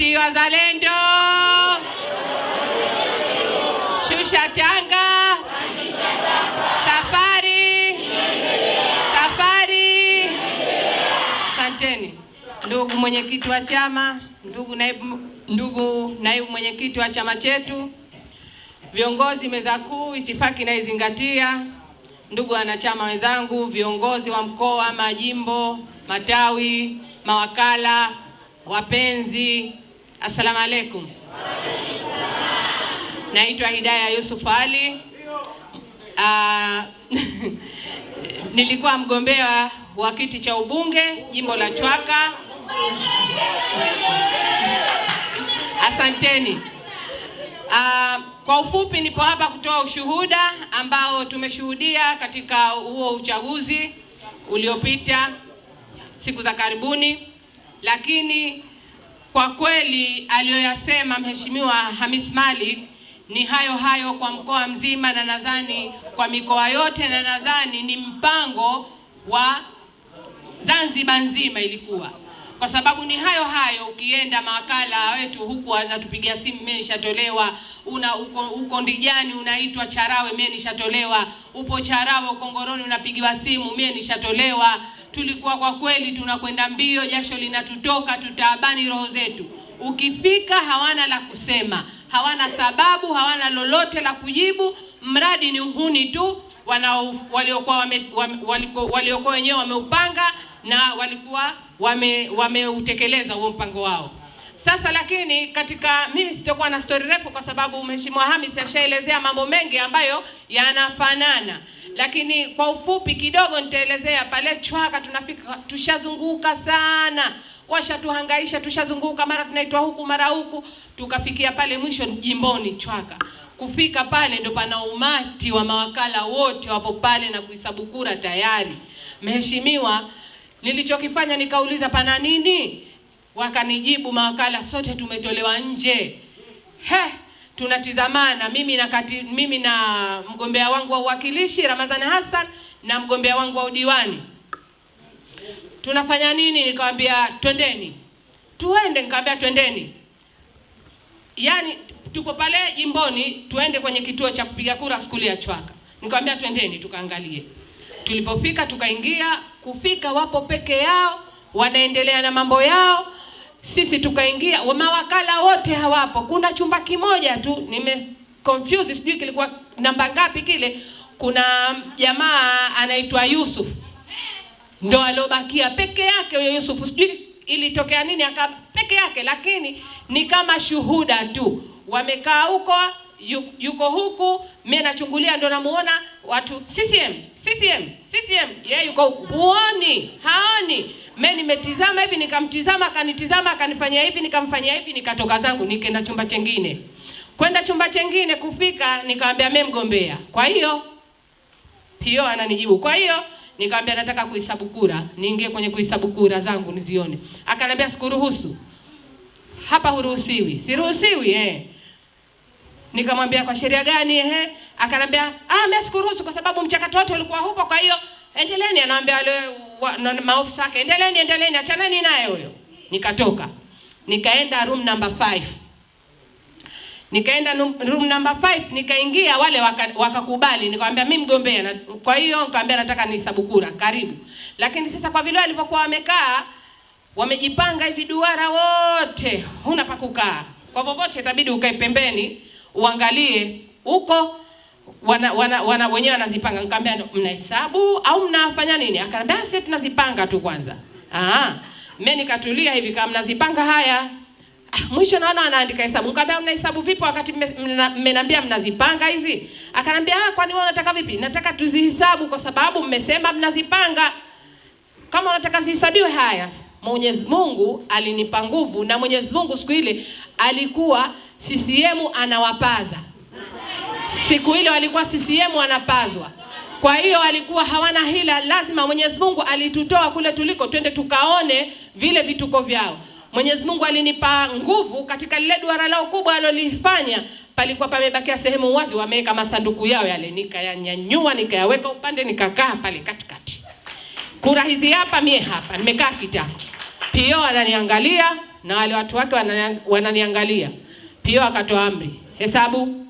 ACT Wazalendo, shusha tanga, safari safari. Asanteni ndugu mwenyekiti wa chama, ndugu naibu, ndugu naibu mwenyekiti wa chama chetu, viongozi meza kuu, itifaki inaizingatia. Ndugu wanachama wenzangu, viongozi wa mkoa, majimbo, matawi, mawakala, wapenzi Assalamu alaikum. Naitwa Hidaya Yusuf Ali. Uh, nilikuwa mgombea wa kiti cha ubunge jimbo la Chwaka. Asanteni. Uh, kwa ufupi nipo hapa kutoa ushuhuda ambao tumeshuhudia katika huo uchaguzi uliopita siku za karibuni, lakini kwa kweli aliyoyasema Mheshimiwa Hamis Malik ni hayo hayo kwa mkoa mzima na nadhani kwa mikoa yote, na nadhani ni mpango wa Zanzibar nzima ilikuwa, kwa sababu ni hayo hayo. Ukienda mawakala wetu huku anatupigia simu, mimi nishatolewa. Una uko, uko Ndijani unaitwa Charawe, mimi nishatolewa. Upo Charawe Kongoroni unapigiwa simu, mimi nishatolewa tulikuwa kwa kweli tunakwenda mbio, jasho linatutoka, tutaabani roho zetu. Ukifika hawana la kusema, hawana sababu, hawana lolote la kujibu, mradi ni uhuni tu waliokuwa wame, waliokuwa wenyewe wameupanga na walikuwa wameutekeleza wame huo mpango wao. Sasa lakini, katika mimi sitakuwa na stori refu, kwa sababu mheshimiwa Hamis ashaelezea mambo mengi ambayo yanafanana lakini kwa ufupi kidogo nitaelezea. Pale Chwaka tunafika, tushazunguka sana, washatuhangaisha, tushazunguka, mara tunaitwa huku mara huku, tukafikia pale mwisho jimboni Chwaka. Kufika pale ndo pana umati wa mawakala wote wapo pale na kuhesabu kura tayari. Mheshimiwa, nilichokifanya nikauliza, pana nini? Wakanijibu mawakala, sote tumetolewa nje. Heh tunatizamana mimi na kati, mimi na mgombea wangu wa uwakilishi Ramadhani Hassan na mgombea wangu wa udiwani tunafanya nini? Nikamwambia twendeni, tuende. Nikamwambia twendeni, yani tuko pale jimboni, tuende kwenye kituo cha kupiga kura skuli ya Chwaka. Nikamwambia twendeni tukaangalie. Tulipofika tukaingia, kufika wapo peke yao, wanaendelea na mambo yao sisi tukaingia, mawakala wote hawapo, kuna chumba kimoja tu, nime confuse, sijui kilikuwa namba ngapi kile. Kuna jamaa anaitwa Yusuf ndo aliobakia peke yake. Huyo Yusuf sijui ilitokea nini, aka peke yake, lakini ni kama shuhuda tu. Wamekaa huko yuko huku, mimi nachungulia, ndo namuona watu CCM CCM CCM, yeye yuko huku, huoni haoni mimi nimetizama hivi, nikamtizama, akanitizama, akanifanyia hivi, nikamfanyia hivi, nikatoka zangu, nikaenda chumba chengine. Kwenda chumba chengine, kufika nikamwambia mimi mgombea, kwa hiyo hiyo ananijibu, kwa hiyo nikamwambia nataka kuhesabu kura, niingie kwenye kuhesabu kura zangu nizione. Akaniambia sikuruhusu, hapa huruhusiwi. Siruhusiwi eh. Nikamwambia kwa sheria gani? Ehe, Akaniambia ah, mimi sikuruhusu kwa sababu mchakato wote ulikuwa hupo, kwa hiyo endeleeni. Anaambia wale maofisa wake, endeleeni, endeleeni, achaneni naye huyo. Nikatoka nikaenda room number 5 nikaenda room number 5 nikaingia, wale wakakubali waka, nikamwambia mimi mgombea, kwa hiyo nikamwambia nataka nihesabu kura, karibu. Lakini sasa kwa vile walipokuwa wamekaa wamejipanga hivi duara wote, huna pa kukaa, kwa popote itabidi ukae pembeni uangalie huko wana, wana, wana wenyewe wanazipanga. Nikamwambia mnahesabu au mnafanya nini? Akaniambia ah, sisi tunazipanga tu kwanza. Ah, mimi nikatulia hivi kama mnazipanga haya. Ah, mwisho naona anaandika hesabu. Nikamwambia mnahesabu vipi wakati mmeniambia mnazipanga hizi? Akaniambia ah, kwani wewe unataka vipi? Nataka tuzihesabu kwa sababu mmesema mnazipanga. Kama unataka zihesabiwe haya. Mwenyezi Mungu alinipa nguvu na Mwenyezi Mungu siku ile alikuwa CCM anawapaza Siku ile walikuwa CCM wanapazwa, kwa hiyo walikuwa hawana hila. Lazima Mwenyezi Mungu alitutoa kule tuliko, twende tukaone vile vituko vyao. Mwenyezi Mungu alinipa nguvu katika lile duara lao kubwa alolifanya palikuwa pamebakia sehemu wazi, wameweka masanduku yao yale, nikayanyanyua nikayaweka upande, nikakaa pale katikati. Kura hizi hapa, mie hapa nimekaa kitako. Pio ananiangalia na wale watu wake wananiangalia. Pio akatoa amri, hesabu